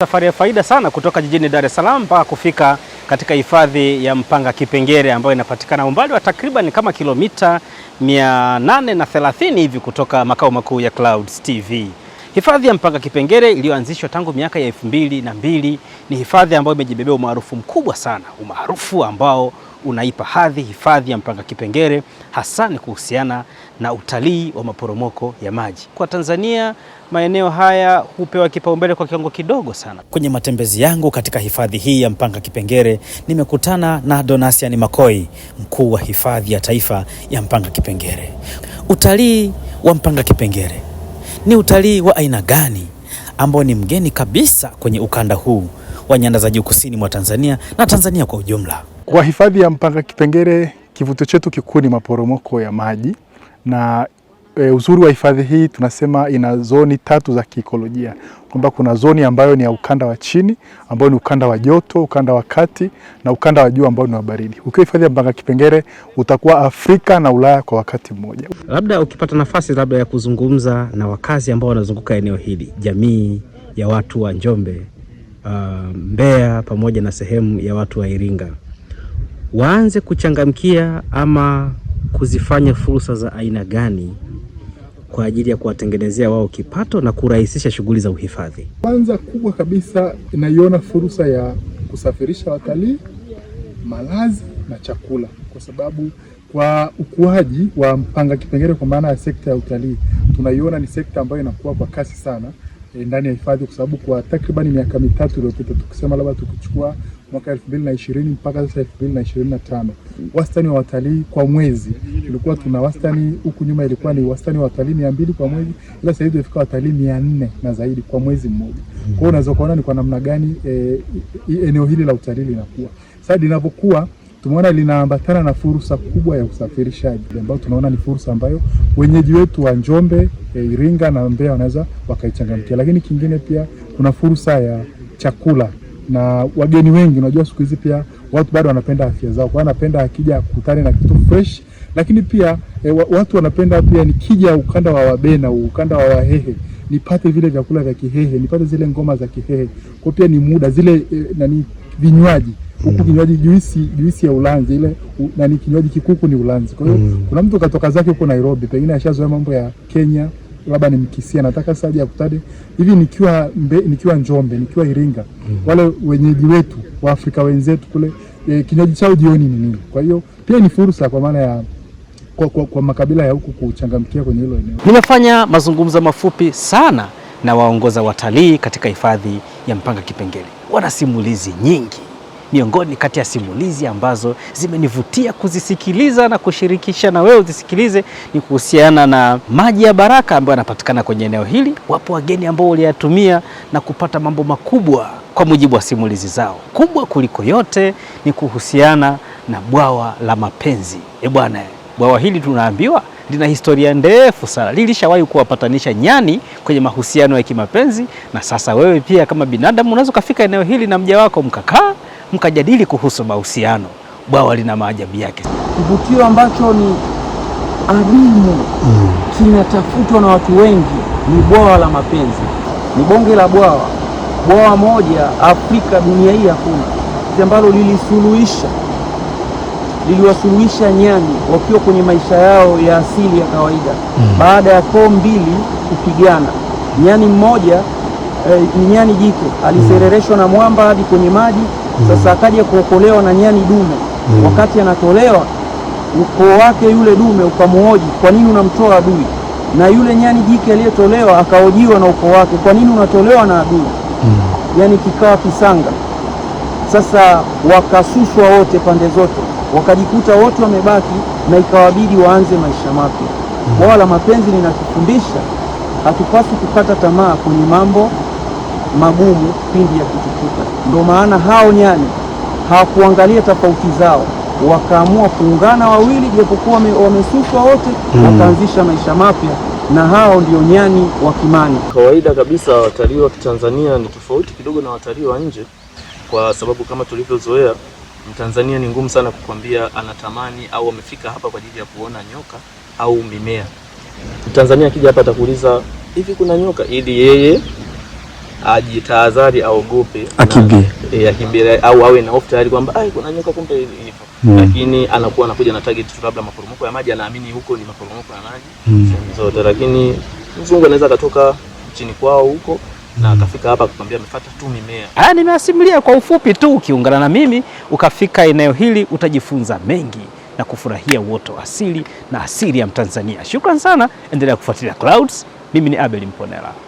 Safari ya faida sana kutoka jijini Dar es Salaam mpaka kufika katika hifadhi ya Mpanga Kipengere ambayo inapatikana umbali wa takriban kama kilomita 830 hivi kutoka makao makuu ya Clouds TV. Hifadhi ya Mpanga Kipengere iliyoanzishwa tangu miaka ya elfu mbili na mbili ni hifadhi ambayo imejibebea umaarufu mkubwa sana, umaarufu ambao unaipa hadhi hifadhi ya Mpanga Kipengere, hasa ni kuhusiana na utalii wa maporomoko ya maji. Kwa Tanzania, maeneo haya hupewa kipaumbele kwa kiwango kidogo sana. Kwenye matembezi yangu katika hifadhi hii ya Mpanga Kipengere, nimekutana na Donasian Makoi, mkuu wa hifadhi ya taifa ya Mpanga Kipengere. Utalii wa Mpanga Kipengere ni utalii wa aina gani ambao ni mgeni kabisa kwenye ukanda huu wa nyanda za juu kusini mwa Tanzania na Tanzania kwa ujumla? Kwa hifadhi ya Mpanga Kipengere, kivutio chetu kikuu ni maporomoko ya maji na e, uzuri wa hifadhi hii tunasema ina zoni tatu za kiikolojia, kwamba kuna zoni ambayo ni ya ukanda wa chini ambao ni ukanda wa joto, ukanda wa kati na ukanda wa juu ambao ni wa baridi. Ukiwa hifadhi ya Mpanga Kipengere utakuwa Afrika na Ulaya kwa wakati mmoja. Labda ukipata nafasi labda ya kuzungumza na wakazi ambao wanazunguka eneo hili, jamii ya watu wa Njombe, uh, Mbeya pamoja na sehemu ya watu wa Iringa waanze kuchangamkia ama kuzifanya fursa za aina gani kwa ajili ya kuwatengenezea wao kipato na kurahisisha shughuli za uhifadhi? Kwanza kubwa kabisa inaiona fursa ya kusafirisha watalii, malazi na chakula, kwa sababu kwa ukuaji wa mpanga kipengele kwa maana ya sekta ya utalii tunaiona ni sekta ambayo inakuwa kwa kasi sana. Eh, ndani ya hifadhi kwa sababu kwa takribani miaka mitatu iliyopita, tukisema labda tukichukua mwaka elfu mbili na ishirini mpaka sasa elfu mbili na ishirini na tano wastani wa watalii kwa mwezi tulikuwa tuna wastani, huku nyuma ilikuwa ni wastani wa watalii mia mbili kwa mwezi, ila sasa hivi tumefika watalii mia nne na zaidi kwa mwezi mmoja. Kwa hiyo unaweza ukaona ni kwa namna gani e, eneo hili la utalii linakuwa sasa linapokuwa tumeona linaambatana na fursa kubwa ya usafirishaji ambayo tunaona ni fursa ambayo wenyeji wetu wa Njombe, eh, Iringa na Mbeya wanaweza wakaichangamkia. Lakini kingine pia kuna fursa ya chakula na wageni wengi, unajua siku hizi pia watu bado wanapenda afya zao, kwa wanapenda akija kutane na kitu fresh, lakini pia e, watu wanapenda pia nikija ukanda wa Wabena, ukanda wa Wahehe nipate vile vyakula vya Kihehe, nipate zile ngoma za Kihehe, kwa pia ni muda zile e, nani vinywaji huku mm. Kinywaji juisi, juisi ya Ulanzi ile na ni kinywaji kikuku ni Ulanzi. Kwa hiyo mm. kuna mtu katoka zake huko Nairobi, pengine ashazoea mambo ya Kenya, labda ni mkisia, nataka sasa aje hivi. Nikiwa mbe, nikiwa Njombe, nikiwa Iringa mm. wale wenyeji wetu wa Afrika wenzetu kule e, kinywaji chao jioni ni nini? Kwa hiyo pia ni fursa kwa maana ya kwa, kwa, kwa makabila ya huku kuchangamkia kwenye hilo eneo. Nimefanya mazungumzo mafupi sana na waongoza watalii katika hifadhi ya Mpanga Kipengere, wana simulizi nyingi miongoni kati ya simulizi ambazo zimenivutia kuzisikiliza na kushirikisha na wewe uzisikilize ni kuhusiana na maji ya baraka ambayo yanapatikana kwenye eneo hili. Wapo wageni ambao waliyatumia na kupata mambo makubwa kwa mujibu wa simulizi zao. Kubwa kuliko yote ni kuhusiana na bwawa la mapenzi. E bwana, bwawa hili tunaambiwa lina historia ndefu sana, lilishawahi kuwapatanisha nyani kwenye mahusiano ya kimapenzi, na sasa wewe pia kama binadamu unaweza ukafika eneo hili na mja wako mkakaa mkajadili kuhusu mahusiano. Bwawa lina maajabu yake. Kivutio ambacho ni adimu mm. kinatafutwa na watu wengi ni bwawa la mapenzi, ni bonge la bwawa, bwawa moja Afrika, dunia hii hakuna ambalo lilisuluhisha liliwasuluhisha nyani wakiwa kwenye maisha yao ya asili ya kawaida mm. baada ya koo mbili kupigana, nyani mmoja e, nyani jike aliserereshwa na mwamba hadi kwenye maji. Sasa akaja kuokolewa na nyani dume. Mm. Wakati anatolewa ukoo wake yule dume ukamuoji, kwa nini unamtoa adui? Na yule nyani jike aliyetolewa akaojiwa na ukoo wake, kwa nini unatolewa na adui? Mm. Yani kikawa kisanga. Sasa wakasuswa wote pande zote, wakajikuta wote wamebaki, na ikawabidi waanze maisha mapya. Bwawa mm. la Mapenzi linatufundisha hatupaswi kukata tamaa kwenye mambo magumu pindi ya kutukuka. Ndio maana hao nyani hawakuangalia tofauti zao, wakaamua kuungana wawili, japokuwa wamesuswa wote mm. wakaanzisha maisha mapya, na hao ndio nyani wa Kimani. Kawaida kabisa watalii wa Kitanzania ni tofauti kidogo na watalii wa nje, kwa sababu kama tulivyozoea, Mtanzania ni ngumu sana kukwambia anatamani au amefika hapa kwa ajili ya kuona nyoka au mimea. Mtanzania akija hapa atakuuliza hivi kuna nyoka, ili yeye ajitahadhari, aogope, akimbie e, akimbie au awe na hofu tayari kwamba ai, kuna nyoka kumbe hivyo mm. Lakini anakuwa anakuja na target tu, labda maporomoko ya maji, anaamini huko ni maporomoko ya maji mm. zote, lakini mzungu anaweza akatoka nchini kwao huko na mm. akafika hapa kukwambia amefuata tu mimea. Ah, nimeasimulia kwa ufupi tu. Ukiungana na mimi ukafika eneo hili utajifunza mengi na kufurahia uoto wa asili na asili ya Mtanzania. Shukrani sana, endelea kufuatilia Clouds. Mimi ni Abel Mponela.